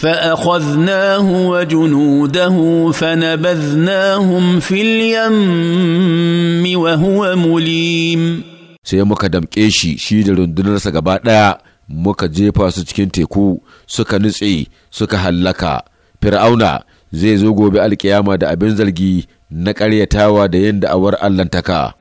فاخذناه وجنوده فنبذناهم في اليم وهو مليم sai muka damƙe shi shi da rundunarsa gaba ɗaya muka jefa su cikin teku suka nutse suka hallaka fir'auna zai zo gobe alkiyama da abin zargi na ƙaryatawa da yin da'awar allantaka